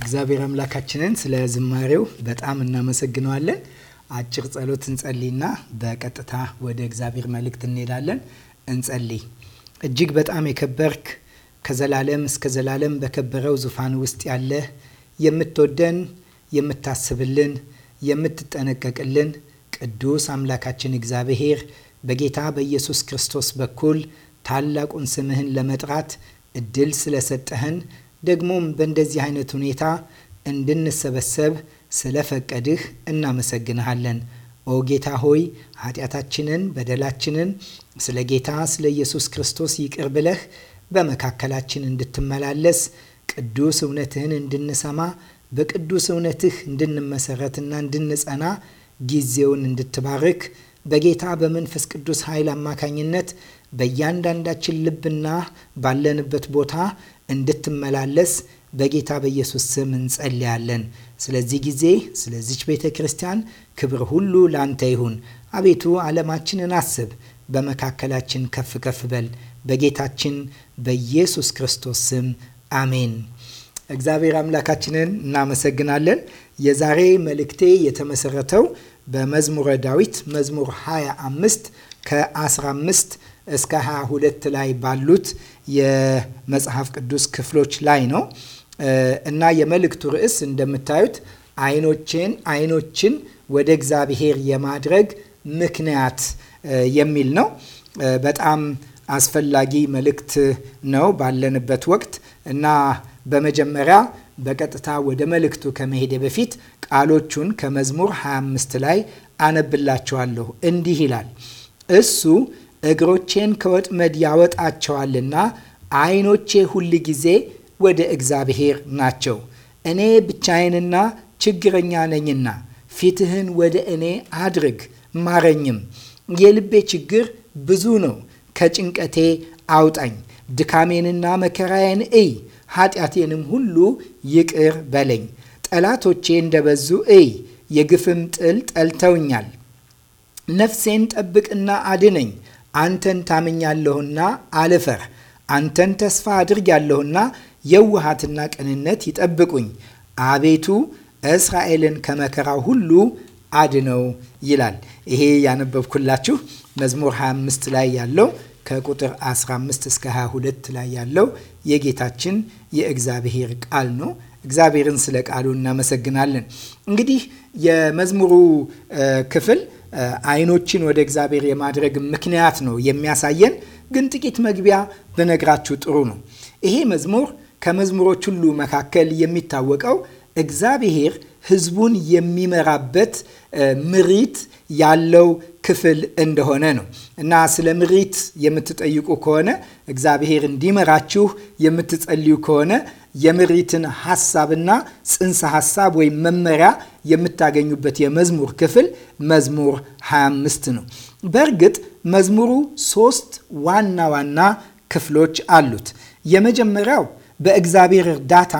እግዚአብሔር አምላካችንን ስለ ዝማሬው በጣም እናመሰግነዋለን። አጭር ጸሎት እንጸልይና በቀጥታ ወደ እግዚአብሔር መልእክት እንሄዳለን። እንጸልይ። እጅግ በጣም የከበርክ ከዘላለም እስከ ዘላለም በከበረው ዙፋን ውስጥ ያለ የምትወደን፣ የምታስብልን፣ የምትጠነቀቅልን ቅዱስ አምላካችን እግዚአብሔር በጌታ በኢየሱስ ክርስቶስ በኩል ታላቁን ስምህን ለመጥራት እድል ስለሰጠህን ደግሞም በእንደዚህ አይነት ሁኔታ እንድንሰበሰብ ስለፈቀድህ እናመሰግንሃለን። ኦ ጌታ ሆይ ኃጢአታችንን፣ በደላችንን ስለ ጌታ ስለ ኢየሱስ ክርስቶስ ይቅር ብለህ በመካከላችን እንድትመላለስ ቅዱስ እውነትህን እንድንሰማ በቅዱስ እውነትህ እንድንመሰረትና እንድንጸና ጊዜውን እንድትባርክ በጌታ በመንፈስ ቅዱስ ኃይል አማካኝነት በእያንዳንዳችን ልብና ባለንበት ቦታ እንድትመላለስ በጌታ በኢየሱስ ስም እንጸልያለን። ስለዚህ ጊዜ ስለዚች ቤተ ክርስቲያን ክብር ሁሉ ላንተ ይሁን። አቤቱ ዓለማችንን አስብ፣ በመካከላችን ከፍ ከፍ በል። በጌታችን በኢየሱስ ክርስቶስ ስም አሜን። እግዚአብሔር አምላካችንን እናመሰግናለን። የዛሬ መልእክቴ የተመሰረተው በመዝሙረ ዳዊት መዝሙር 25 ከ15 እስከ 22 ላይ ባሉት የመጽሐፍ ቅዱስ ክፍሎች ላይ ነው እና የመልእክቱ ርዕስ እንደምታዩት አይኖችን አይኖችን ወደ እግዚአብሔር የማድረግ ምክንያት የሚል ነው። በጣም አስፈላጊ መልእክት ነው ባለንበት ወቅት እና በመጀመሪያ በቀጥታ ወደ መልእክቱ ከመሄደ በፊት ቃሎቹን ከመዝሙር 25 ላይ አነብላችኋለሁ። እንዲህ ይላል እሱ እግሮቼን ከወጥመድ ያወጣቸዋልና አይኖቼ ሁል ጊዜ ወደ እግዚአብሔር ናቸው። እኔ ብቻዬንና ችግረኛ ነኝና ፊትህን ወደ እኔ አድርግ ማረኝም። የልቤ ችግር ብዙ ነው፣ ከጭንቀቴ አውጣኝ። ድካሜንና መከራዬን እይ፣ ኃጢአቴንም ሁሉ ይቅር በለኝ። ጠላቶቼ እንደበዙ እይ፣ የግፍም ጥል ጠልተውኛል። ነፍሴን ጠብቅና አድነኝ አንተን ታምኛለሁና አልፈር፣ አንተን ተስፋ አድርጊያለሁና የውሃትና ቅንነት ይጠብቁኝ። አቤቱ እስራኤልን ከመከራ ሁሉ አድነው ይላል። ይሄ ያነበብኩላችሁ መዝሙር 25 ላይ ያለው ከቁጥር 15 እስከ 22 ላይ ያለው የጌታችን የእግዚአብሔር ቃል ነው። እግዚአብሔርን ስለ ቃሉ እናመሰግናለን። እንግዲህ የመዝሙሩ ክፍል አይኖችን ወደ እግዚአብሔር የማድረግ ምክንያት ነው የሚያሳየን። ግን ጥቂት መግቢያ ብነግራችሁ ጥሩ ነው። ይሄ መዝሙር ከመዝሙሮች ሁሉ መካከል የሚታወቀው እግዚአብሔር ሕዝቡን የሚመራበት ምሪት ያለው ክፍል እንደሆነ ነው እና ስለ ምሪት የምትጠይቁ ከሆነ እግዚአብሔር እንዲመራችሁ የምትጸልዩ ከሆነ የምሪትን ሀሳብና ጽንሰ ሀሳብ ወይም መመሪያ የምታገኙበት የመዝሙር ክፍል መዝሙር 25 ነው። በእርግጥ መዝሙሩ ሶስት ዋና ዋና ክፍሎች አሉት። የመጀመሪያው በእግዚአብሔር እርዳታ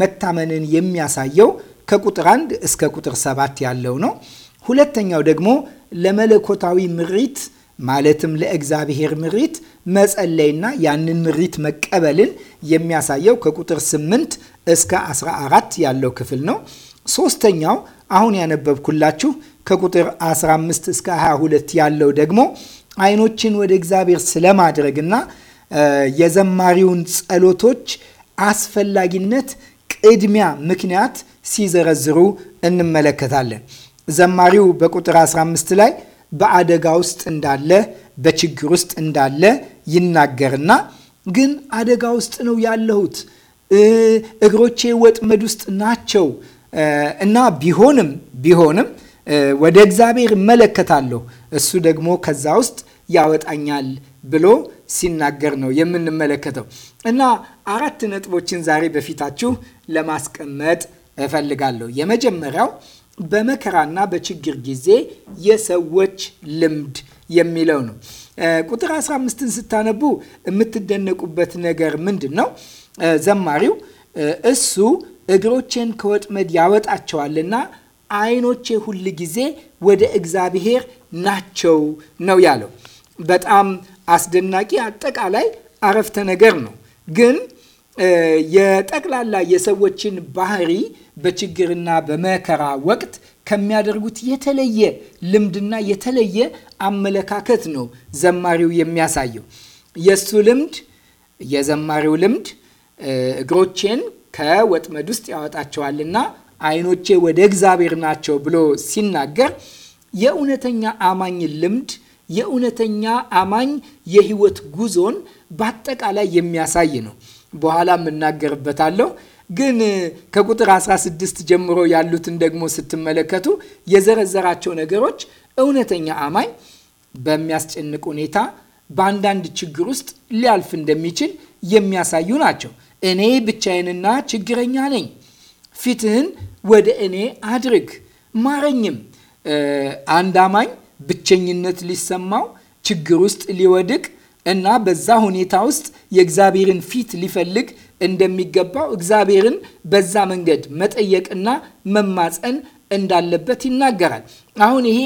መታመንን የሚያሳየው ከቁጥር 1 እስከ ቁጥር 7 ያለው ነው። ሁለተኛው ደግሞ ለመለኮታዊ ምሪት ማለትም ለእግዚአብሔር ምሪት መጸለይና ያንን ምሪት መቀበልን የሚያሳየው ከቁጥር 8 እስከ 14 ያለው ክፍል ነው። ሶስተኛው አሁን ያነበብኩላችሁ ከቁጥር 15 እስከ 22 ያለው ደግሞ አይኖችን ወደ እግዚአብሔር ስለማድረግና የዘማሪውን ጸሎቶች አስፈላጊነት ቅድሚያ ምክንያት ሲዘረዝሩ እንመለከታለን። ዘማሪው በቁጥር 15 ላይ በአደጋ ውስጥ እንዳለ በችግር ውስጥ እንዳለ ይናገርና ግን አደጋ ውስጥ ነው ያለሁት፣ እግሮቼ ወጥመድ ውስጥ ናቸው እና ቢሆንም ቢሆንም ወደ እግዚአብሔር እመለከታለሁ እሱ ደግሞ ከዛ ውስጥ ያወጣኛል ብሎ ሲናገር ነው የምንመለከተው። እና አራት ነጥቦችን ዛሬ በፊታችሁ ለማስቀመጥ እፈልጋለሁ። የመጀመሪያው በመከራና በችግር ጊዜ የሰዎች ልምድ የሚለው ነው። ቁጥር 15ን ስታነቡ የምትደነቁበት ነገር ምንድን ነው? ዘማሪው እሱ እግሮቼን ከወጥመድ ያወጣቸዋልና ዓይኖቼ ሁል ጊዜ ወደ እግዚአብሔር ናቸው ነው ያለው። በጣም አስደናቂ አጠቃላይ አረፍተ ነገር ነው ግን የጠቅላላ የሰዎችን ባህሪ በችግርና በመከራ ወቅት ከሚያደርጉት የተለየ ልምድና የተለየ አመለካከት ነው ዘማሪው የሚያሳየው። የእሱ ልምድ የዘማሪው ልምድ እግሮቼን ከወጥመድ ውስጥ ያወጣቸዋልና ዓይኖቼ ወደ እግዚአብሔር ናቸው ብሎ ሲናገር የእውነተኛ አማኝ ልምድ የእውነተኛ አማኝ የህይወት ጉዞን በአጠቃላይ የሚያሳይ ነው። በኋላ እናገርበታለሁ። ግን ከቁጥር 16 ጀምሮ ያሉትን ደግሞ ስትመለከቱ የዘረዘራቸው ነገሮች እውነተኛ አማኝ በሚያስጨንቅ ሁኔታ በአንዳንድ ችግር ውስጥ ሊያልፍ እንደሚችል የሚያሳዩ ናቸው። እኔ ብቻዬንና ችግረኛ ነኝ፣ ፊትህን ወደ እኔ አድርግ ማረኝም። አንድ አማኝ ብቸኝነት ሊሰማው ችግር ውስጥ ሊወድቅ እና በዛ ሁኔታ ውስጥ የእግዚአብሔርን ፊት ሊፈልግ እንደሚገባው እግዚአብሔርን በዛ መንገድ መጠየቅና መማፀን እንዳለበት ይናገራል። አሁን ይሄ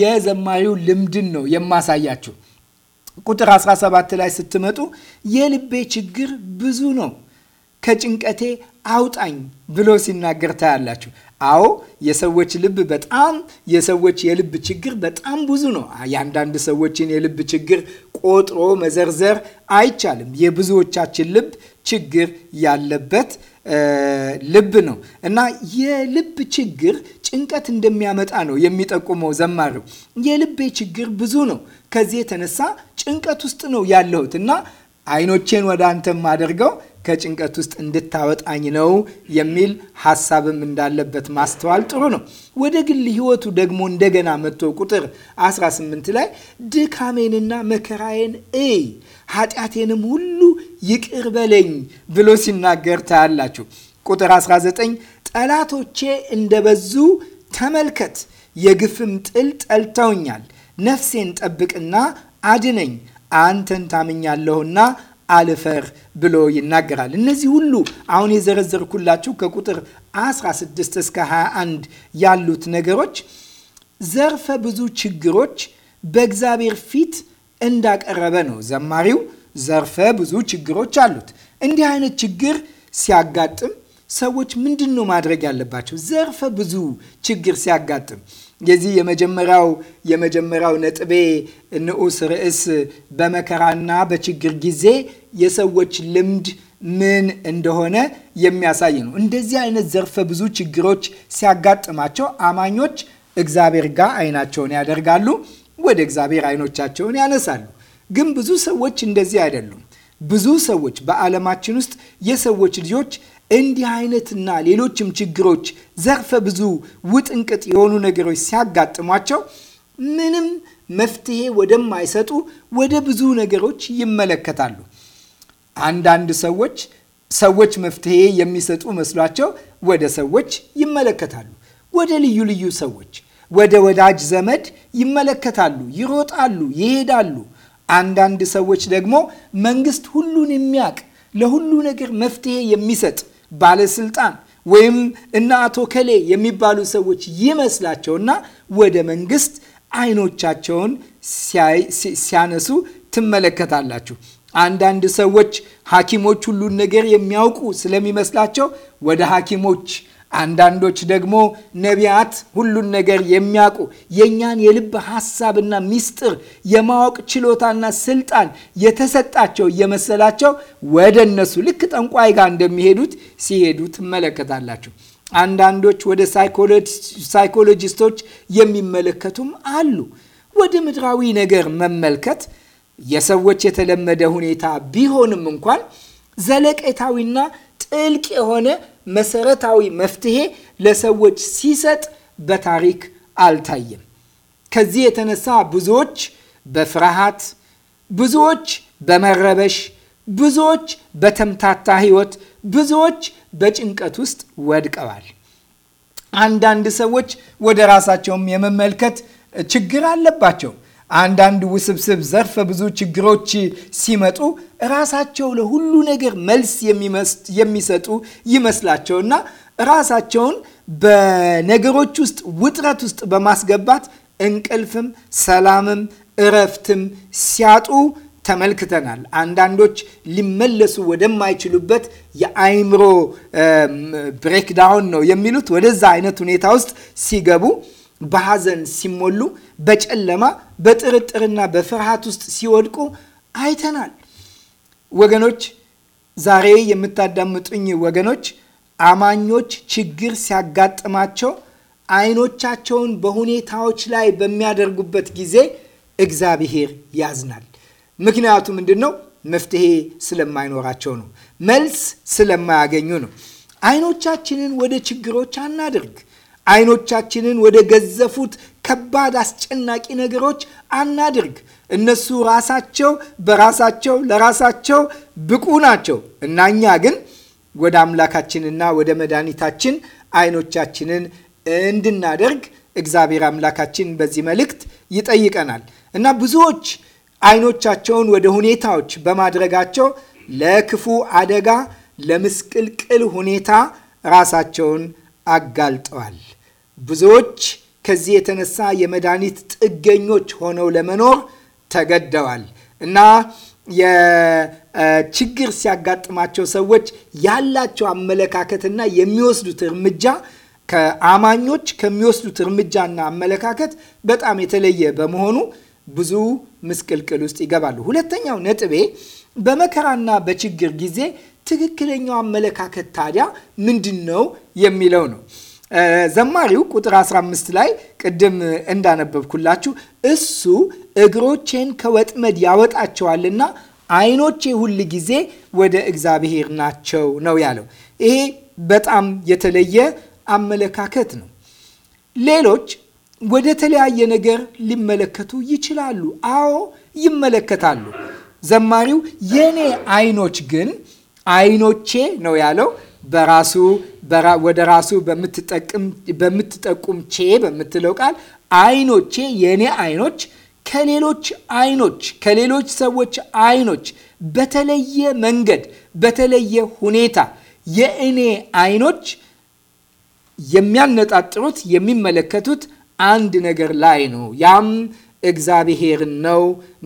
የዘማሪው ልምድን ነው የማሳያችሁ። ቁጥር 17 ላይ ስትመጡ የልቤ ችግር ብዙ ነው ከጭንቀቴ አውጣኝ ብሎ ሲናገር ታያላችሁ። አዎ የሰዎች ልብ በጣም የሰዎች የልብ ችግር በጣም ብዙ ነው። የአንዳንድ ሰዎችን የልብ ችግር ቆጥሮ መዘርዘር አይቻልም። የብዙዎቻችን ልብ ችግር ያለበት ልብ ነው እና የልብ ችግር ጭንቀት እንደሚያመጣ ነው የሚጠቁመው ዘማሪው። የልቤ ችግር ብዙ ነው፣ ከዚህ የተነሳ ጭንቀት ውስጥ ነው ያለሁት እና አይኖቼን ወደ አንተ ማደርገው ከጭንቀት ውስጥ እንድታወጣኝ ነው የሚል ሀሳብም እንዳለበት ማስተዋል ጥሩ ነው። ወደ ግል ህይወቱ ደግሞ እንደገና መጥቶ ቁጥር 18 ላይ ድካሜንና መከራዬን እይ ኃጢአቴንም ሁሉ ይቅር በለኝ ብሎ ሲናገር ታያላችሁ። ቁጥር 19 ጠላቶቼ እንደበዙ ተመልከት፣ የግፍም ጥል ጠልተውኛል። ነፍሴን ጠብቅና አድነኝ፣ አንተን ታምኛለሁና አልፈር ብሎ ይናገራል። እነዚህ ሁሉ አሁን የዘረዘርኩላችሁ ከቁጥር 16 እስከ 21 ያሉት ነገሮች ዘርፈ ብዙ ችግሮች በእግዚአብሔር ፊት እንዳቀረበ ነው። ዘማሪው ዘርፈ ብዙ ችግሮች አሉት። እንዲህ አይነት ችግር ሲያጋጥም ሰዎች ምንድን ነው ማድረግ ያለባቸው? ዘርፈ ብዙ ችግር ሲያጋጥም የዚህ የመጀመሪያው የመጀመሪያው ነጥቤ ንዑስ ርዕስ በመከራና በችግር ጊዜ የሰዎች ልምድ ምን እንደሆነ የሚያሳይ ነው። እንደዚህ አይነት ዘርፈ ብዙ ችግሮች ሲያጋጥማቸው አማኞች እግዚአብሔር ጋር አይናቸውን ያደርጋሉ፣ ወደ እግዚአብሔር አይኖቻቸውን ያነሳሉ። ግን ብዙ ሰዎች እንደዚህ አይደሉም። ብዙ ሰዎች በዓለማችን ውስጥ የሰዎች ልጆች እንዲህ አይነትና ሌሎችም ችግሮች ዘርፈ ብዙ ውጥንቅጥ የሆኑ ነገሮች ሲያጋጥሟቸው ምንም መፍትሄ ወደማይሰጡ ወደ ብዙ ነገሮች ይመለከታሉ። አንዳንድ ሰዎች ሰዎች መፍትሄ የሚሰጡ መስሏቸው ወደ ሰዎች ይመለከታሉ። ወደ ልዩ ልዩ ሰዎች፣ ወደ ወዳጅ ዘመድ ይመለከታሉ፣ ይሮጣሉ፣ ይሄዳሉ። አንዳንድ ሰዎች ደግሞ መንግስት ሁሉን የሚያውቅ ለሁሉ ነገር መፍትሄ የሚሰጥ ባለስልጣን ወይም እና አቶ ከሌ የሚባሉ ሰዎች ይመስላቸውና ወደ መንግስት አይኖቻቸውን ሲያነሱ ትመለከታላችሁ። አንዳንድ ሰዎች ሐኪሞች ሁሉን ነገር የሚያውቁ ስለሚመስላቸው ወደ ሐኪሞች አንዳንዶች ደግሞ ነቢያት ሁሉን ነገር የሚያውቁ የእኛን የልብ ሀሳብና ሚስጥር የማወቅ ችሎታና ስልጣን የተሰጣቸው እየመሰላቸው ወደ እነሱ ልክ ጠንቋይ ጋር እንደሚሄዱት ሲሄዱ ትመለከታላችሁ። አንዳንዶች ወደ ሳይኮሎጂስቶች የሚመለከቱም አሉ። ወደ ምድራዊ ነገር መመልከት የሰዎች የተለመደ ሁኔታ ቢሆንም እንኳን ዘለቄታዊና ጥልቅ የሆነ መሰረታዊ መፍትሄ ለሰዎች ሲሰጥ በታሪክ አልታየም። ከዚህ የተነሳ ብዙዎች በፍርሃት፣ ብዙዎች በመረበሽ፣ ብዙዎች በተምታታ ህይወት፣ ብዙዎች በጭንቀት ውስጥ ወድቀዋል። አንዳንድ ሰዎች ወደ ራሳቸውም የመመልከት ችግር አለባቸው። አንዳንድ ውስብስብ ዘርፈ ብዙ ችግሮች ሲመጡ ራሳቸው ለሁሉ ነገር መልስ የሚሰጡ ይመስላቸውና ራሳቸውን በነገሮች ውስጥ ውጥረት ውስጥ በማስገባት እንቅልፍም ሰላምም እረፍትም ሲያጡ ተመልክተናል። አንዳንዶች ሊመለሱ ወደማይችሉበት የአይምሮ ብሬክዳውን ነው የሚሉት ወደዛ አይነት ሁኔታ ውስጥ ሲገቡ በሐዘን ሲሞሉ፣ በጨለማ በጥርጥርና በፍርሃት ውስጥ ሲወድቁ አይተናል። ወገኖች፣ ዛሬ የምታዳምጡኝ ወገኖች አማኞች ችግር ሲያጋጥማቸው አይኖቻቸውን በሁኔታዎች ላይ በሚያደርጉበት ጊዜ እግዚአብሔር ያዝናል። ምክንያቱ ምንድን ነው? መፍትሄ ስለማይኖራቸው ነው። መልስ ስለማያገኙ ነው። አይኖቻችንን ወደ ችግሮች አናድርግ። አይኖቻችንን ወደ ገዘፉት ከባድ አስጨናቂ ነገሮች አናድርግ። እነሱ ራሳቸው በራሳቸው ለራሳቸው ብቁ ናቸው እና እኛ ግን ወደ አምላካችንና ወደ መድኃኒታችን አይኖቻችንን እንድናደርግ እግዚአብሔር አምላካችን በዚህ መልእክት ይጠይቀናል እና ብዙዎች አይኖቻቸውን ወደ ሁኔታዎች በማድረጋቸው ለክፉ አደጋ፣ ለምስቅልቅል ሁኔታ ራሳቸውን አጋልጠዋል። ብዙዎች ከዚህ የተነሳ የመድኃኒት ጥገኞች ሆነው ለመኖር ተገደዋል እና የችግር ሲያጋጥማቸው ሰዎች ያላቸው አመለካከትና የሚወስዱት እርምጃ ከአማኞች ከሚወስዱት እርምጃና አመለካከት በጣም የተለየ በመሆኑ ብዙ ምስቅልቅል ውስጥ ይገባሉ። ሁለተኛው ነጥቤ በመከራና በችግር ጊዜ ትክክለኛው አመለካከት ታዲያ ምንድን ነው የሚለው ነው። ዘማሪው ቁጥር 15 ላይ ቅድም እንዳነበብኩላችሁ እሱ እግሮቼን ከወጥመድ ያወጣቸዋልና አይኖቼ ሁል ጊዜ ወደ እግዚአብሔር ናቸው ነው ያለው። ይሄ በጣም የተለየ አመለካከት ነው። ሌሎች ወደ ተለያየ ነገር ሊመለከቱ ይችላሉ። አዎ ይመለከታሉ። ዘማሪው የኔ አይኖች ግን አይኖቼ ነው ያለው በራሱ ወደ ራሱ በምትጠቁም ቼ በምትለው ቃል አይኖቼ የእኔ አይኖች ከሌሎች አይኖች ከሌሎች ሰዎች አይኖች በተለየ መንገድ በተለየ ሁኔታ የእኔ አይኖች የሚያነጣጥሩት የሚመለከቱት አንድ ነገር ላይ ነው። ያም እግዚአብሔርን ነው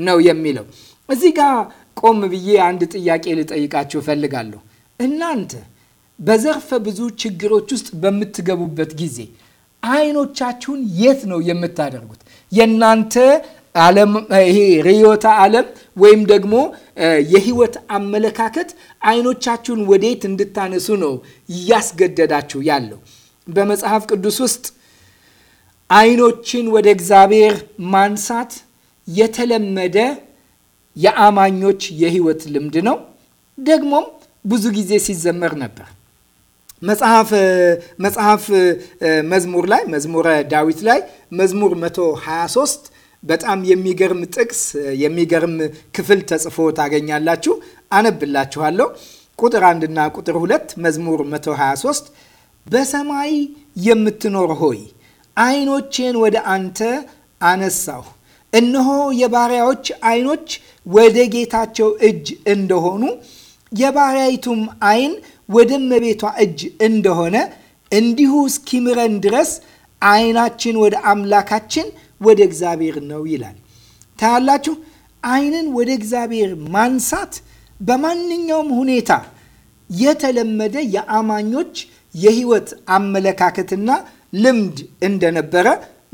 ነው የሚለው። እዚህ ጋር ቆም ብዬ አንድ ጥያቄ ልጠይቃችሁ እፈልጋለሁ። እናንተ በዘርፈ ብዙ ችግሮች ውስጥ በምትገቡበት ጊዜ አይኖቻችሁን የት ነው የምታደርጉት? የእናንተ ዓለም ይሄ ርዕዮተ ዓለም ወይም ደግሞ የህይወት አመለካከት አይኖቻችሁን ወዴት እንድታነሱ ነው እያስገደዳችሁ ያለው። በመጽሐፍ ቅዱስ ውስጥ አይኖችን ወደ እግዚአብሔር ማንሳት የተለመደ የአማኞች የህይወት ልምድ ነው። ደግሞም ብዙ ጊዜ ሲዘመር ነበር። መጽሐፍ መጽሐፍ መዝሙር ላይ መዝሙረ ዳዊት ላይ መዝሙር 123 በጣም የሚገርም ጥቅስ የሚገርም ክፍል ተጽፎ ታገኛላችሁ። አነብላችኋለሁ። ቁጥር አንድና ቁጥር ሁለት መዝሙር 123 በሰማይ የምትኖር ሆይ ዓይኖቼን ወደ አንተ አነሳሁ። እነሆ የባሪያዎች ዓይኖች ወደ ጌታቸው እጅ እንደሆኑ የባሪያይቱም ዓይን ወደ እመቤቷ እጅ እንደሆነ እንዲሁ እስኪምረን ድረስ አይናችን ወደ አምላካችን ወደ እግዚአብሔር ነው ይላል። ታያላችሁ፣ አይንን ወደ እግዚአብሔር ማንሳት በማንኛውም ሁኔታ የተለመደ የአማኞች የህይወት አመለካከትና ልምድ እንደነበረ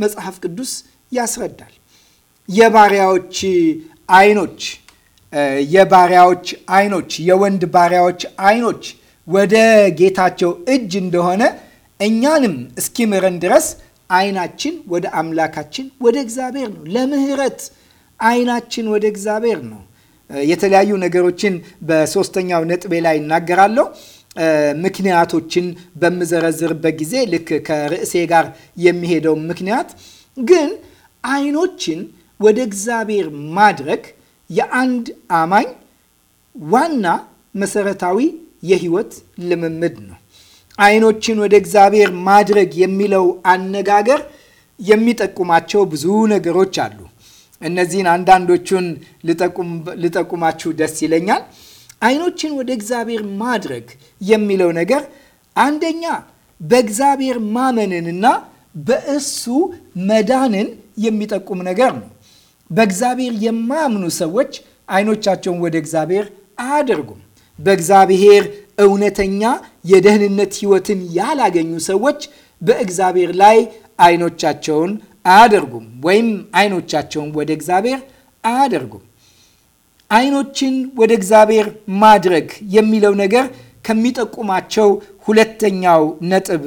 መጽሐፍ ቅዱስ ያስረዳል። የባሪያዎች አይኖች የባሪያዎች አይኖች የወንድ ባሪያዎች አይኖች። ወደ ጌታቸው እጅ እንደሆነ እኛንም እስኪምረን ድረስ አይናችን ወደ አምላካችን ወደ እግዚአብሔር ነው። ለምህረት አይናችን ወደ እግዚአብሔር ነው። የተለያዩ ነገሮችን በሶስተኛው ነጥቤ ላይ እናገራለሁ። ምክንያቶችን በምዘረዝርበት ጊዜ ልክ ከርዕሴ ጋር የሚሄደው ምክንያት ግን አይኖችን ወደ እግዚአብሔር ማድረግ የአንድ አማኝ ዋና መሰረታዊ የህይወት ልምምድ ነው። አይኖችን ወደ እግዚአብሔር ማድረግ የሚለው አነጋገር የሚጠቁማቸው ብዙ ነገሮች አሉ። እነዚህን አንዳንዶቹን ልጠቁማችሁ ደስ ይለኛል። አይኖችን ወደ እግዚአብሔር ማድረግ የሚለው ነገር አንደኛ በእግዚአብሔር ማመንንና በእሱ መዳንን የሚጠቁም ነገር ነው። በእግዚአብሔር የማያምኑ ሰዎች አይኖቻቸውን ወደ እግዚአብሔር አያደርጉም። በእግዚአብሔር እውነተኛ የደህንነት ሕይወትን ያላገኙ ሰዎች በእግዚአብሔር ላይ አይኖቻቸውን አያደርጉም ወይም አይኖቻቸውን ወደ እግዚአብሔር አያደርጉም። አይኖችን ወደ እግዚአብሔር ማድረግ የሚለው ነገር ከሚጠቁማቸው ሁለተኛው ነጥብ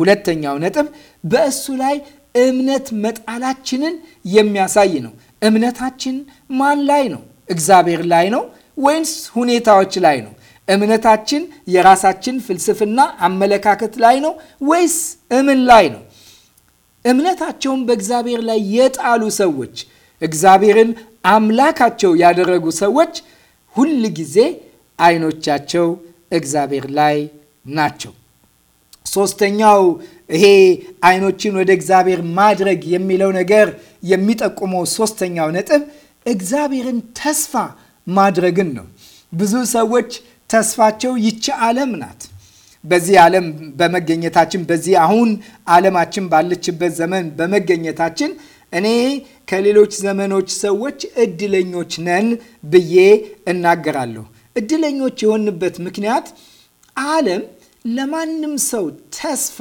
ሁለተኛው ነጥብ በእሱ ላይ እምነት መጣላችንን የሚያሳይ ነው። እምነታችን ማን ላይ ነው? እግዚአብሔር ላይ ነው። ወይንስ ሁኔታዎች ላይ ነው? እምነታችን የራሳችን ፍልስፍና አመለካከት ላይ ነው ወይስ እምን ላይ ነው? እምነታቸውን በእግዚአብሔር ላይ የጣሉ ሰዎች፣ እግዚአብሔርን አምላካቸው ያደረጉ ሰዎች ሁል ጊዜ አይኖቻቸው እግዚአብሔር ላይ ናቸው። ሶስተኛው ይሄ አይኖችን ወደ እግዚአብሔር ማድረግ የሚለው ነገር የሚጠቁመው ሶስተኛው ነጥብ እግዚአብሔርን ተስፋ ማድረግን ነው። ብዙ ሰዎች ተስፋቸው ይቺ ዓለም ናት። በዚህ ዓለም በመገኘታችን በዚህ አሁን ዓለማችን ባለችበት ዘመን በመገኘታችን እኔ ከሌሎች ዘመኖች ሰዎች እድለኞች ነን ብዬ እናገራለሁ። እድለኞች የሆንበት ምክንያት ዓለም ለማንም ሰው ተስፋ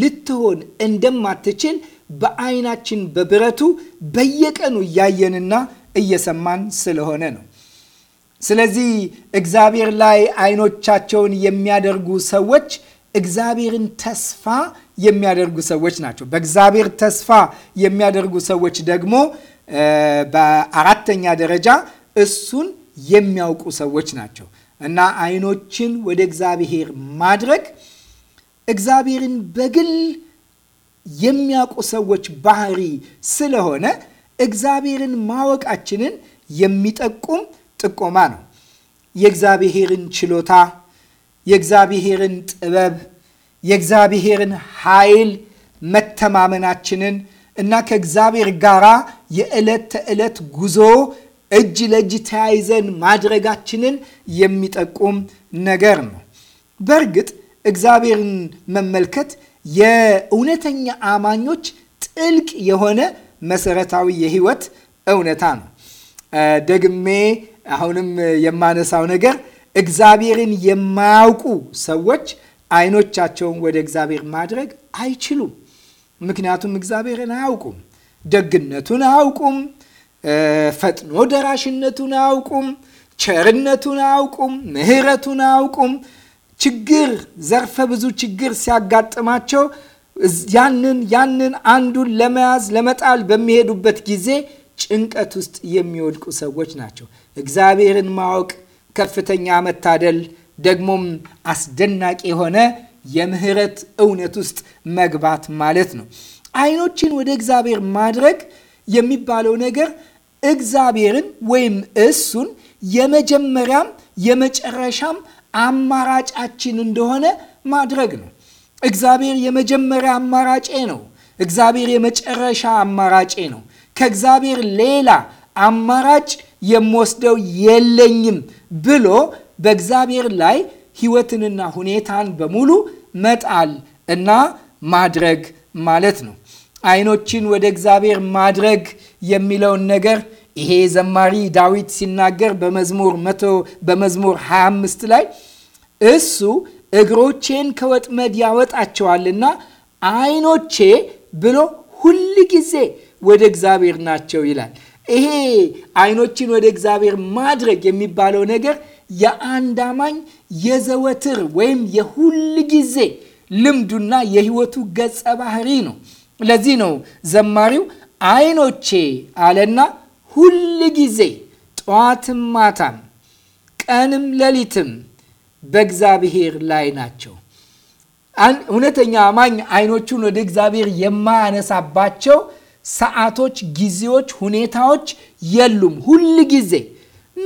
ልትሆን እንደማትችል በዓይናችን በብረቱ በየቀኑ እያየንና እየሰማን ስለሆነ ነው። ስለዚህ እግዚአብሔር ላይ አይኖቻቸውን የሚያደርጉ ሰዎች እግዚአብሔርን ተስፋ የሚያደርጉ ሰዎች ናቸው። በእግዚአብሔር ተስፋ የሚያደርጉ ሰዎች ደግሞ በአራተኛ ደረጃ እሱን የሚያውቁ ሰዎች ናቸው እና አይኖችን ወደ እግዚአብሔር ማድረግ እግዚአብሔርን በግል የሚያውቁ ሰዎች ባህሪ ስለሆነ እግዚአብሔርን ማወቃችንን የሚጠቁም ጥቆማ ነው። የእግዚአብሔርን ችሎታ፣ የእግዚአብሔርን ጥበብ፣ የእግዚአብሔርን ኃይል መተማመናችንን እና ከእግዚአብሔር ጋር የዕለት ተዕለት ጉዞ እጅ ለእጅ ተያይዘን ማድረጋችንን የሚጠቁም ነገር ነው። በእርግጥ እግዚአብሔርን መመልከት የእውነተኛ አማኞች ጥልቅ የሆነ መሰረታዊ የህይወት እውነታ ነው። ደግሜ አሁንም የማነሳው ነገር እግዚአብሔርን የማያውቁ ሰዎች አይኖቻቸውን ወደ እግዚአብሔር ማድረግ አይችሉም። ምክንያቱም እግዚአብሔርን አያውቁም፣ ደግነቱን አያውቁም፣ ፈጥኖ ደራሽነቱን አያውቁም፣ ቸርነቱን አያውቁም፣ ምሕረቱን አያውቁም። ችግር ዘርፈ ብዙ ችግር ሲያጋጥማቸው ያንን ያንን አንዱን ለመያዝ ለመጣል በሚሄዱበት ጊዜ ጭንቀት ውስጥ የሚወድቁ ሰዎች ናቸው። እግዚአብሔርን ማወቅ ከፍተኛ መታደል ደግሞም አስደናቂ የሆነ የምህረት እውነት ውስጥ መግባት ማለት ነው። አይኖችን ወደ እግዚአብሔር ማድረግ የሚባለው ነገር እግዚአብሔርን ወይም እሱን የመጀመሪያም የመጨረሻም አማራጫችን እንደሆነ ማድረግ ነው። እግዚአብሔር የመጀመሪያ አማራጬ ነው። እግዚአብሔር የመጨረሻ አማራጬ ነው። ከእግዚአብሔር ሌላ አማራጭ የምወስደው የለኝም ብሎ በእግዚአብሔር ላይ ህይወትንና ሁኔታን በሙሉ መጣል እና ማድረግ ማለት ነው። አይኖችን ወደ እግዚአብሔር ማድረግ የሚለውን ነገር ይሄ ዘማሪ ዳዊት ሲናገር በመዝሙር መቶ በመዝሙር 25 ላይ እሱ እግሮቼን ከወጥመድ ያወጣቸዋልና አይኖቼ ብሎ ሁል ጊዜ ወደ እግዚአብሔር ናቸው ይላል። ይሄ አይኖችን ወደ እግዚአብሔር ማድረግ የሚባለው ነገር የአንድ አማኝ የዘወትር ወይም የሁል ጊዜ ልምዱና የህይወቱ ገጸ ባህሪ ነው። ለዚህ ነው ዘማሪው አይኖቼ አለና ሁል ጊዜ ጠዋትም ማታም ቀንም ሌሊትም በእግዚአብሔር ላይ ናቸው። እውነተኛ አማኝ አይኖቹን ወደ እግዚአብሔር የማያነሳባቸው ሰዓቶች፣ ጊዜዎች፣ ሁኔታዎች የሉም። ሁል ጊዜ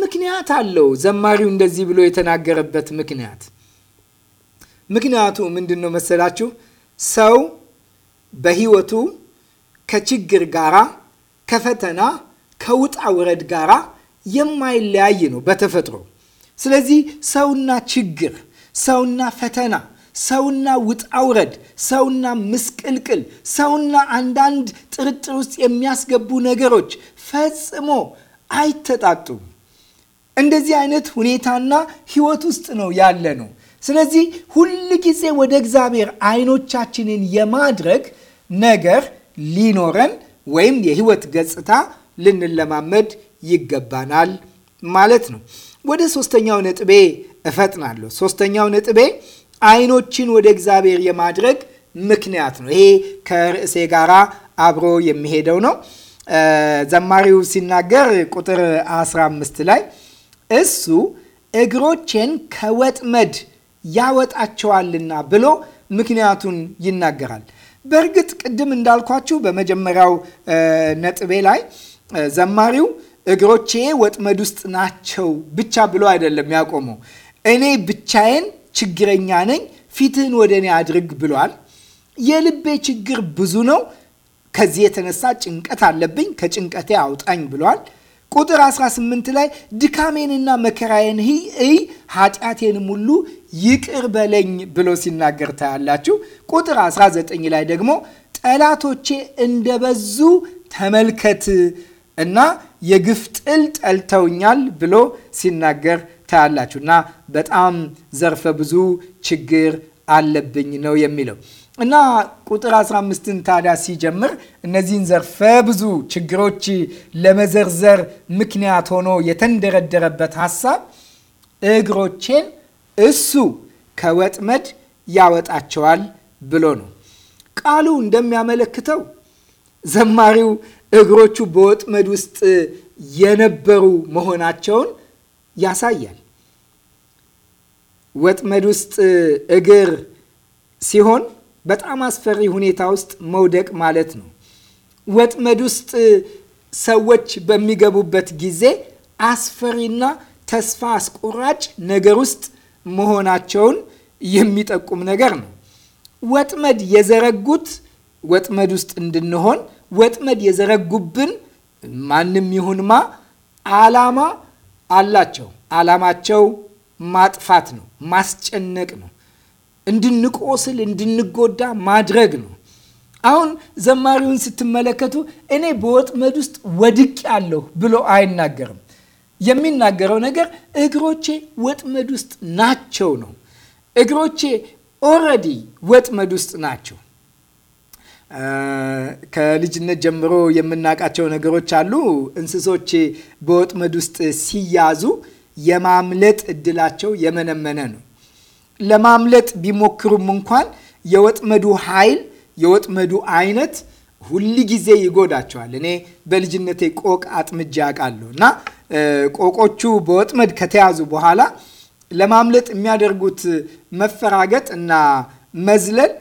ምክንያት አለው። ዘማሪው እንደዚህ ብሎ የተናገረበት ምክንያት ምክንያቱ ምንድን ነው መሰላችሁ? ሰው በህይወቱ ከችግር ጋራ ከፈተና ከውጣ ውረድ ጋራ የማይለያይ ነው በተፈጥሮ። ስለዚህ ሰውና ችግር፣ ሰውና ፈተና፣ ሰውና ውጣውረድ፣ ሰውና ምስቅልቅል፣ ሰውና አንዳንድ ጥርጥር ውስጥ የሚያስገቡ ነገሮች ፈጽሞ አይተጣጡም። እንደዚህ አይነት ሁኔታና ህይወት ውስጥ ነው ያለ ነው። ስለዚህ ሁል ጊዜ ወደ እግዚአብሔር አይኖቻችንን የማድረግ ነገር ሊኖረን ወይም የህይወት ገጽታ ልንለማመድ ይገባናል ማለት ነው። ወደ ሶስተኛው ነጥቤ እፈጥናለሁ። ሶስተኛው ነጥቤ አይኖችን ወደ እግዚአብሔር የማድረግ ምክንያት ነው። ይሄ ከርዕሴ ጋር አብሮ የሚሄደው ነው። ዘማሪው ሲናገር ቁጥር 15 ላይ እሱ እግሮቼን ከወጥመድ ያወጣቸዋልና ብሎ ምክንያቱን ይናገራል። በእርግጥ ቅድም እንዳልኳችሁ በመጀመሪያው ነጥቤ ላይ ዘማሪው እግሮቼ ወጥመድ ውስጥ ናቸው ብቻ ብሎ አይደለም ያቆመው። እኔ ብቻዬን ችግረኛ ነኝ፣ ፊትህን ወደ እኔ አድርግ ብሏል። የልቤ ችግር ብዙ ነው፣ ከዚህ የተነሳ ጭንቀት አለብኝ፣ ከጭንቀቴ አውጣኝ ብሏል። ቁጥር 18 ላይ ድካሜንና መከራዬን እይ፣ ኃጢአቴንም ሁሉ ይቅር በለኝ ብሎ ሲናገር ታያላችሁ። ቁጥር 19 ላይ ደግሞ ጠላቶቼ እንደበዙ ተመልከት እና የግፍ ጥል ጠልተውኛል ብሎ ሲናገር ታያላችሁ እና በጣም ዘርፈ ብዙ ችግር አለብኝ ነው የሚለው እና ቁጥር 15ን ታዲያ ሲጀምር እነዚህን ዘርፈ ብዙ ችግሮች ለመዘርዘር ምክንያት ሆኖ የተንደረደረበት ሀሳብ እግሮቼን እሱ ከወጥመድ ያወጣቸዋል ብሎ ነው። ቃሉ እንደሚያመለክተው ዘማሪው እግሮቹ በወጥመድ ውስጥ የነበሩ መሆናቸውን ያሳያል። ወጥመድ ውስጥ እግር ሲሆን በጣም አስፈሪ ሁኔታ ውስጥ መውደቅ ማለት ነው። ወጥመድ ውስጥ ሰዎች በሚገቡበት ጊዜ አስፈሪና ተስፋ አስቆራጭ ነገር ውስጥ መሆናቸውን የሚጠቁም ነገር ነው። ወጥመድ የዘረጉት ወጥመድ ውስጥ እንድንሆን ወጥመድ የዘረጉብን ማንም ይሁንማ አላማ አላቸው። አላማቸው ማጥፋት ነው፣ ማስጨነቅ ነው፣ እንድንቆስል እንድንጎዳ ማድረግ ነው። አሁን ዘማሪውን ስትመለከቱ እኔ በወጥመድ ውስጥ ወድቅ ያለሁ ብሎ አይናገርም። የሚናገረው ነገር እግሮቼ ወጥመድ ውስጥ ናቸው ነው። እግሮቼ ኦረዲ ወጥመድ ውስጥ ናቸው። ከልጅነት ጀምሮ የምናውቃቸው ነገሮች አሉ። እንስሶች በወጥመድ ውስጥ ሲያዙ የማምለጥ እድላቸው የመነመነ ነው። ለማምለጥ ቢሞክሩም እንኳን የወጥመዱ ኃይል፣ የወጥመዱ አይነት ሁል ጊዜ ይጎዳቸዋል። እኔ በልጅነቴ ቆቅ አጥምጄ አውቃለሁ እና ቆቆቹ በወጥመድ ከተያዙ በኋላ ለማምለጥ የሚያደርጉት መፈራገጥ እና መዝለል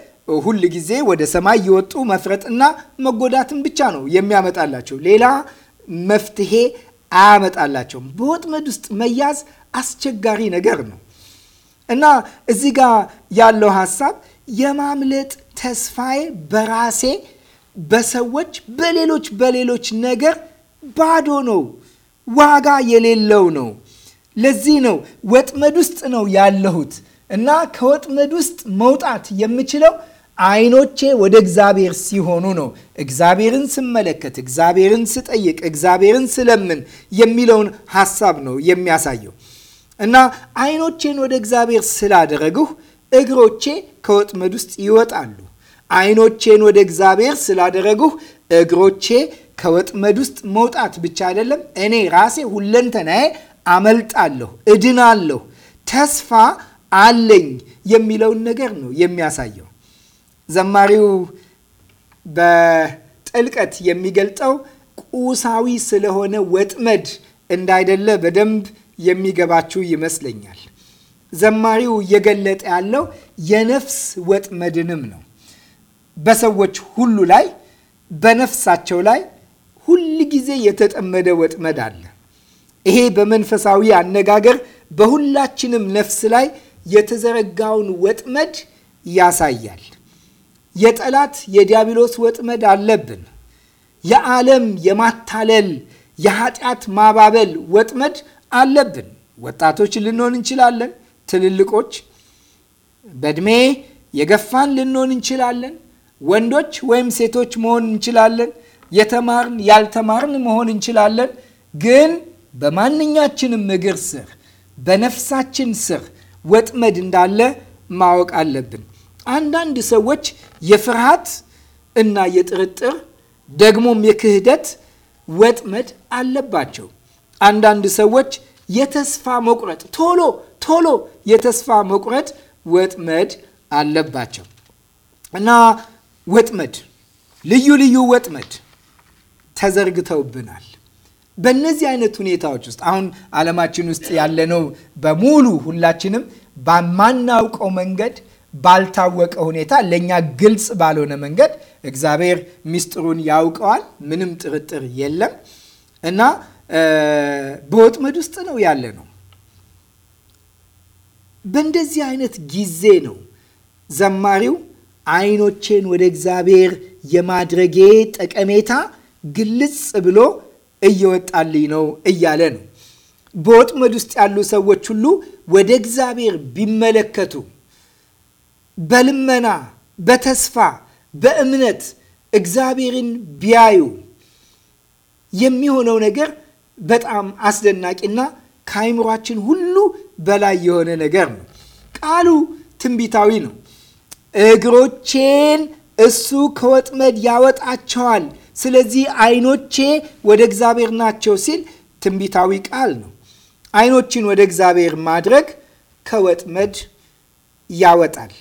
ሁል ጊዜ ወደ ሰማይ እየወጡ መፍረጥና መጎዳትን ብቻ ነው የሚያመጣላቸው። ሌላ መፍትሄ አያመጣላቸውም። በወጥመድ ውስጥ መያዝ አስቸጋሪ ነገር ነው እና እዚህ ጋር ያለው ሀሳብ የማምለጥ ተስፋዬ በራሴ በሰዎች በሌሎች በሌሎች ነገር ባዶ ነው፣ ዋጋ የሌለው ነው። ለዚህ ነው ወጥመድ ውስጥ ነው ያለሁት እና ከወጥመድ ውስጥ መውጣት የምችለው አይኖቼ ወደ እግዚአብሔር ሲሆኑ ነው። እግዚአብሔርን ስመለከት፣ እግዚአብሔርን ስጠይቅ፣ እግዚአብሔርን ስለምን የሚለውን ሀሳብ ነው የሚያሳየው እና አይኖቼን ወደ እግዚአብሔር ስላደረግሁ እግሮቼ ከወጥመድ ውስጥ ይወጣሉ። አይኖቼን ወደ እግዚአብሔር ስላደረግሁ እግሮቼ ከወጥመድ ውስጥ መውጣት ብቻ አይደለም፣ እኔ ራሴ ሁለንተናዬ አመልጣለሁ፣ እድናለሁ፣ ተስፋ አለኝ የሚለውን ነገር ነው የሚያሳየው። ዘማሪው በጥልቀት የሚገልጠው ቁሳዊ ስለሆነ ወጥመድ እንዳይደለ በደንብ የሚገባችሁ ይመስለኛል። ዘማሪው እየገለጠ ያለው የነፍስ ወጥመድንም ነው። በሰዎች ሁሉ ላይ በነፍሳቸው ላይ ሁል ጊዜ የተጠመደ ወጥመድ አለ። ይሄ በመንፈሳዊ አነጋገር በሁላችንም ነፍስ ላይ የተዘረጋውን ወጥመድ ያሳያል። የጠላት የዲያብሎስ ወጥመድ አለብን። የዓለም የማታለል የኃጢአት ማባበል ወጥመድ አለብን። ወጣቶች ልንሆን እንችላለን። ትልልቆች በእድሜ የገፋን ልንሆን እንችላለን። ወንዶች ወይም ሴቶች መሆን እንችላለን። የተማርን ያልተማርን መሆን እንችላለን። ግን በማንኛችንም እግር ስር በነፍሳችን ስር ወጥመድ እንዳለ ማወቅ አለብን። አንዳንድ ሰዎች የፍርሃት እና የጥርጥር ደግሞም የክህደት ወጥመድ አለባቸው። አንዳንድ ሰዎች የተስፋ መቁረጥ ቶሎ ቶሎ የተስፋ መቁረጥ ወጥመድ አለባቸው እና ወጥመድ ልዩ ልዩ ወጥመድ ተዘርግተውብናል። በእነዚህ አይነት ሁኔታዎች ውስጥ አሁን ዓለማችን ውስጥ ያለነው በሙሉ ሁላችንም በማናውቀው መንገድ ባልታወቀ ሁኔታ ለእኛ ግልጽ ባልሆነ መንገድ እግዚአብሔር ሚስጥሩን ያውቀዋል፣ ምንም ጥርጥር የለም እና በወጥመድ ውስጥ ነው ያለ ነው። በእንደዚህ አይነት ጊዜ ነው ዘማሪው አይኖቼን ወደ እግዚአብሔር የማድረጌ ጠቀሜታ ግልጽ ብሎ እየወጣልኝ ነው እያለ ነው። በወጥመድ ውስጥ ያሉ ሰዎች ሁሉ ወደ እግዚአብሔር ቢመለከቱ በልመና በተስፋ በእምነት እግዚአብሔርን ቢያዩ የሚሆነው ነገር በጣም አስደናቂና ከአይምሯችን ሁሉ በላይ የሆነ ነገር ነው። ቃሉ ትንቢታዊ ነው። እግሮቼን እሱ ከወጥመድ ያወጣቸዋል፣ ስለዚህ አይኖቼ ወደ እግዚአብሔር ናቸው ሲል ትንቢታዊ ቃል ነው። አይኖችን ወደ እግዚአብሔር ማድረግ ከወጥመድ ያወጣል።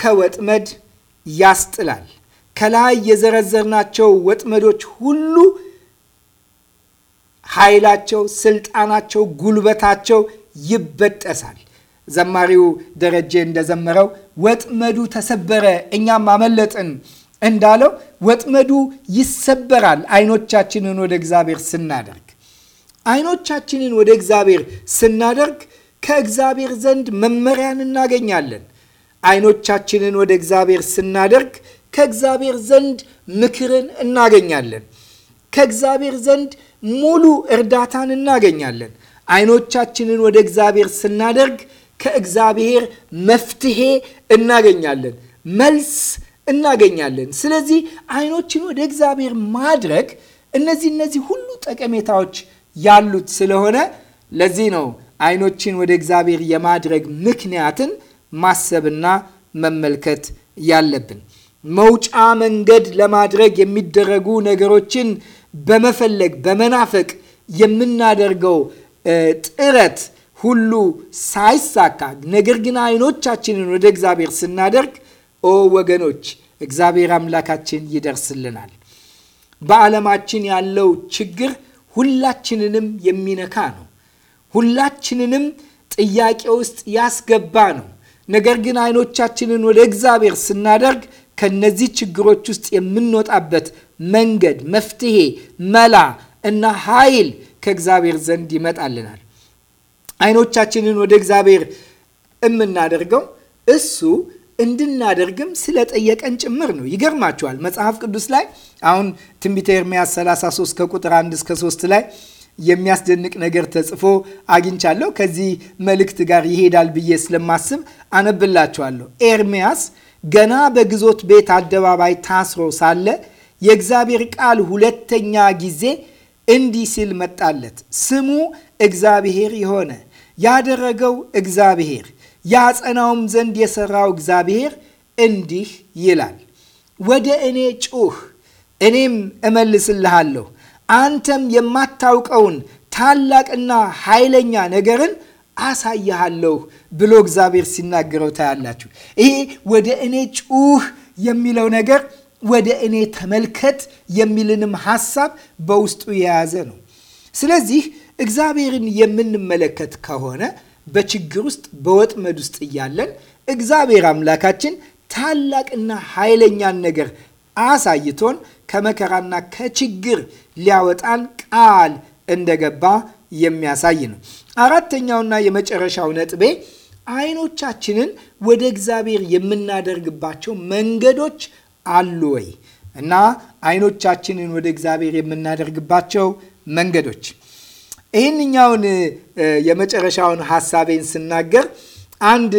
ከወጥመድ ያስጥላል። ከላይ የዘረዘርናቸው ወጥመዶች ሁሉ ኃይላቸው፣ ስልጣናቸው፣ ጉልበታቸው ይበጠሳል። ዘማሪው ደረጀ እንደዘመረው ወጥመዱ ተሰበረ እኛም አመለጥን እንዳለው ወጥመዱ ይሰበራል። አይኖቻችንን ወደ እግዚአብሔር ስናደርግ አይኖቻችንን ወደ እግዚአብሔር ስናደርግ ከእግዚአብሔር ዘንድ መመሪያን እናገኛለን። አይኖቻችንን ወደ እግዚአብሔር ስናደርግ ከእግዚአብሔር ዘንድ ምክርን እናገኛለን። ከእግዚአብሔር ዘንድ ሙሉ እርዳታን እናገኛለን። አይኖቻችንን ወደ እግዚአብሔር ስናደርግ ከእግዚአብሔር መፍትሄ እናገኛለን፣ መልስ እናገኛለን። ስለዚህ አይኖችን ወደ እግዚአብሔር ማድረግ እነዚህ እነዚህ ሁሉ ጠቀሜታዎች ያሉት ስለሆነ ለዚህ ነው አይኖችን ወደ እግዚአብሔር የማድረግ ምክንያትን ማሰብና መመልከት ያለብን መውጫ መንገድ ለማድረግ የሚደረጉ ነገሮችን በመፈለግ በመናፈቅ የምናደርገው ጥረት ሁሉ ሳይሳካ ነገር ግን አይኖቻችንን ወደ እግዚአብሔር ስናደርግ ኦ ወገኖች እግዚአብሔር አምላካችን ይደርስልናል። በዓለማችን ያለው ችግር ሁላችንንም የሚነካ ነው። ሁላችንንም ጥያቄ ውስጥ ያስገባ ነው። ነገር ግን አይኖቻችንን ወደ እግዚአብሔር ስናደርግ ከነዚህ ችግሮች ውስጥ የምንወጣበት መንገድ፣ መፍትሄ፣ መላ እና ኃይል ከእግዚአብሔር ዘንድ ይመጣልናል። አይኖቻችንን ወደ እግዚአብሔር የምናደርገው እሱ እንድናደርግም ስለጠየቀን ጭምር ነው። ይገርማችኋል። መጽሐፍ ቅዱስ ላይ አሁን ትንቢተ ኤርምያስ 33 ከቁጥር 1 እስከ 3 ላይ የሚያስደንቅ ነገር ተጽፎ አግኝቻለሁ። ከዚህ መልእክት ጋር ይሄዳል ብዬ ስለማስብ አነብላችኋለሁ። ኤርሚያስ ገና በግዞት ቤት አደባባይ ታስሮ ሳለ የእግዚአብሔር ቃል ሁለተኛ ጊዜ እንዲህ ሲል መጣለት። ስሙ እግዚአብሔር የሆነ ያደረገው እግዚአብሔር ያጸናውም ዘንድ የሰራው እግዚአብሔር እንዲህ ይላል፣ ወደ እኔ ጩህ እኔም እመልስልሃለሁ አንተም የማታውቀውን ታላቅና ኃይለኛ ነገርን አሳያሃለሁ ብሎ እግዚአብሔር ሲናገረው ታያላችሁ። ይሄ ወደ እኔ ጩህ የሚለው ነገር ወደ እኔ ተመልከት የሚልንም ሀሳብ በውስጡ የያዘ ነው። ስለዚህ እግዚአብሔርን የምንመለከት ከሆነ በችግር ውስጥ በወጥመድ ውስጥ እያለን እግዚአብሔር አምላካችን ታላቅና ኃይለኛን ነገር አሳይቶን ከመከራና ከችግር ሊያወጣን ቃል እንደገባ የሚያሳይ ነው። አራተኛውና የመጨረሻው ነጥቤ አይኖቻችንን ወደ እግዚአብሔር የምናደርግባቸው መንገዶች አሉ ወይ እና አይኖቻችንን ወደ እግዚአብሔር የምናደርግባቸው መንገዶች ይህንኛውን የመጨረሻውን ሀሳቤን ስናገር አንድ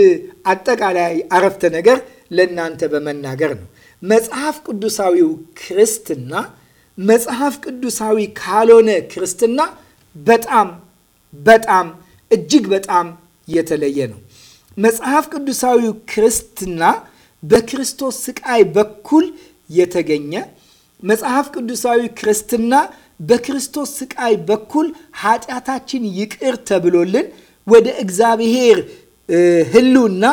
አጠቃላይ አረፍተ ነገር ለእናንተ በመናገር ነው። መጽሐፍ ቅዱሳዊው ክርስትና መጽሐፍ ቅዱሳዊ ካልሆነ ክርስትና በጣም በጣም እጅግ በጣም የተለየ ነው። መጽሐፍ ቅዱሳዊው ክርስትና በክርስቶስ ስቃይ በኩል የተገኘ መጽሐፍ ቅዱሳዊ ክርስትና በክርስቶስ ስቃይ በኩል ኃጢአታችን ይቅር ተብሎልን ወደ እግዚአብሔር ሕልውና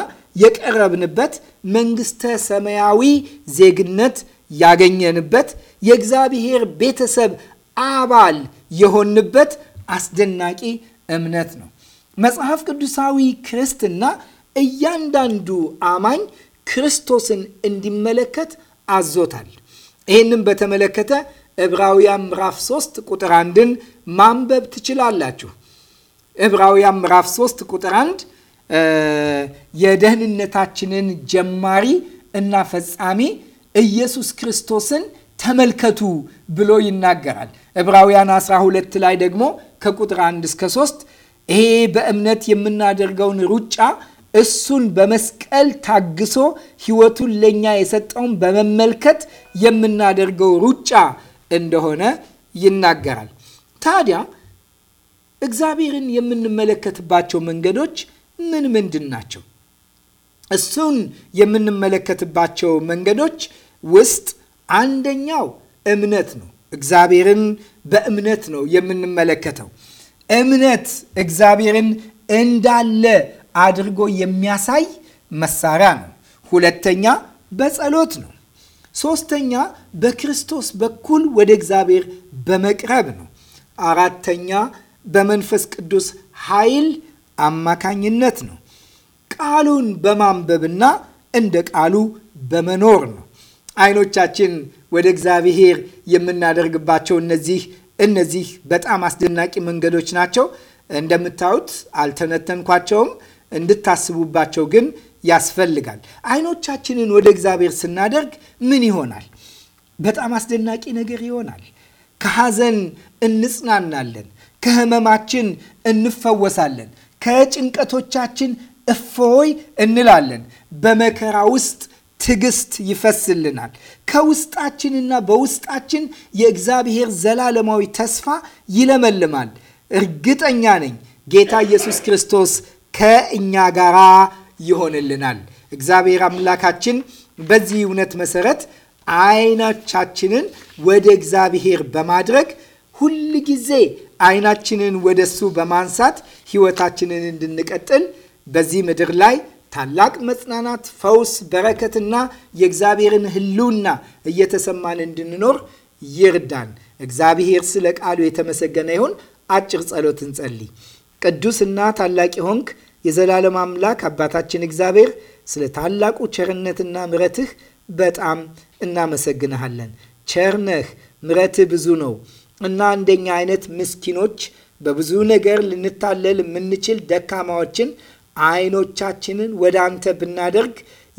የቀረብንበት መንግስተ ሰማያዊ ዜግነት ያገኘንበት የእግዚአብሔር ቤተሰብ አባል የሆንበት አስደናቂ እምነት ነው። መጽሐፍ ቅዱሳዊ ክርስትና እያንዳንዱ አማኝ ክርስቶስን እንዲመለከት አዞታል። ይህንም በተመለከተ ዕብራውያን ምዕራፍ 3 ቁጥር 1ን ማንበብ ትችላላችሁ። ዕብራውያን ምዕራፍ 3 ቁጥር 1 የደህንነታችንን ጀማሪ እና ፈጻሚ ኢየሱስ ክርስቶስን ተመልከቱ ብሎ ይናገራል። ዕብራውያን 12 ላይ ደግሞ ከቁጥር 1 እስከ 3 ይሄ በእምነት የምናደርገውን ሩጫ እሱን በመስቀል ታግሶ ሕይወቱን ለእኛ የሰጠውን በመመልከት የምናደርገው ሩጫ እንደሆነ ይናገራል። ታዲያ እግዚአብሔርን የምንመለከትባቸው መንገዶች ምን ምንድን ናቸው? እሱን የምንመለከትባቸው መንገዶች ውስጥ አንደኛው እምነት ነው። እግዚአብሔርን በእምነት ነው የምንመለከተው። እምነት እግዚአብሔርን እንዳለ አድርጎ የሚያሳይ መሳሪያ ነው። ሁለተኛ በጸሎት ነው። ሶስተኛ በክርስቶስ በኩል ወደ እግዚአብሔር በመቅረብ ነው። አራተኛ በመንፈስ ቅዱስ ኃይል አማካኝነት ነው። ቃሉን በማንበብና እንደ ቃሉ በመኖር ነው። አይኖቻችን ወደ እግዚአብሔር የምናደርግባቸው እነዚህ እነዚህ በጣም አስደናቂ መንገዶች ናቸው። እንደምታዩት አልተነተንኳቸውም። እንድታስቡባቸው ግን ያስፈልጋል። አይኖቻችንን ወደ እግዚአብሔር ስናደርግ ምን ይሆናል? በጣም አስደናቂ ነገር ይሆናል። ከሐዘን እንጽናናለን። ከህመማችን እንፈወሳለን። ከጭንቀቶቻችን እፎይ እንላለን። በመከራ ውስጥ ትዕግስት ይፈስልናል። ከውስጣችንና በውስጣችን የእግዚአብሔር ዘላለማዊ ተስፋ ይለመልማል። እርግጠኛ ነኝ ጌታ ኢየሱስ ክርስቶስ ከእኛ ጋራ ይሆንልናል። እግዚአብሔር አምላካችን በዚህ እውነት መሰረት አይኖቻችንን ወደ እግዚአብሔር በማድረግ ሁል ጊዜ አይናችንን ወደሱ በማንሳት ህይወታችንን እንድንቀጥል በዚህ ምድር ላይ ታላቅ መጽናናት፣ ፈውስ፣ በረከትና የእግዚአብሔርን ህልውና እየተሰማን እንድንኖር ይርዳን። እግዚአብሔር ስለ ቃሉ የተመሰገነ ይሁን። አጭር ጸሎት እንጸልይ። ቅዱስና ታላቅ የሆንክ የዘላለም አምላክ አባታችን እግዚአብሔር ስለ ታላቁ ቸርነትና ምረትህ በጣም እናመሰግንሃለን። ቸርነህ ምረትህ ብዙ ነው። እና እንደኛ አይነት ምስኪኖች በብዙ ነገር ልንታለል የምንችል ደካማዎችን አይኖቻችንን ወደ አንተ ብናደርግ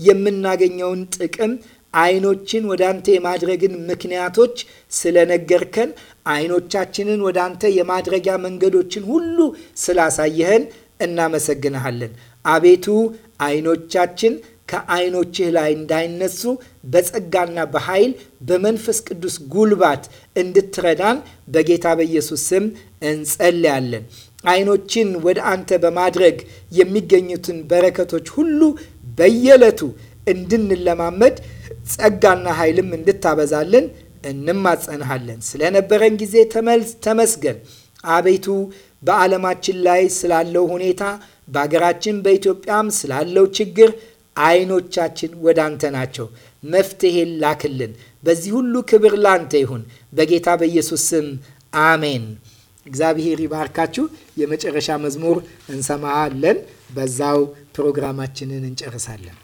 የምናገኘውን ጥቅም አይኖችን ወደ አንተ የማድረግን ምክንያቶች ስለነገርከን አይኖቻችንን ወደ አንተ የማድረጊያ መንገዶችን ሁሉ ስላሳየህን እናመሰግንሃለን። አቤቱ አይኖቻችን ከዓይኖችህ ላይ እንዳይነሱ በጸጋና በኃይል በመንፈስ ቅዱስ ጉልባት እንድትረዳን በጌታ በኢየሱስ ስም እንጸልያለን። ዓይኖችን ወደ አንተ በማድረግ የሚገኙትን በረከቶች ሁሉ በየዕለቱ እንድንለማመድ ጸጋና ኃይልም እንድታበዛልን እንማጸንሃለን። ስለነበረን ጊዜ ተመስገን። አቤቱ በዓለማችን ላይ ስላለው ሁኔታ በሀገራችን በኢትዮጵያም ስላለው ችግር አይኖቻችን ወደ አንተ ናቸው። መፍትሄን ላክልን። በዚህ ሁሉ ክብር ላንተ ይሁን፣ በጌታ በኢየሱስ ስም አሜን። እግዚአብሔር ይባርካችሁ። የመጨረሻ መዝሙር እንሰማለን። በዛው ፕሮግራማችንን እንጨርሳለን።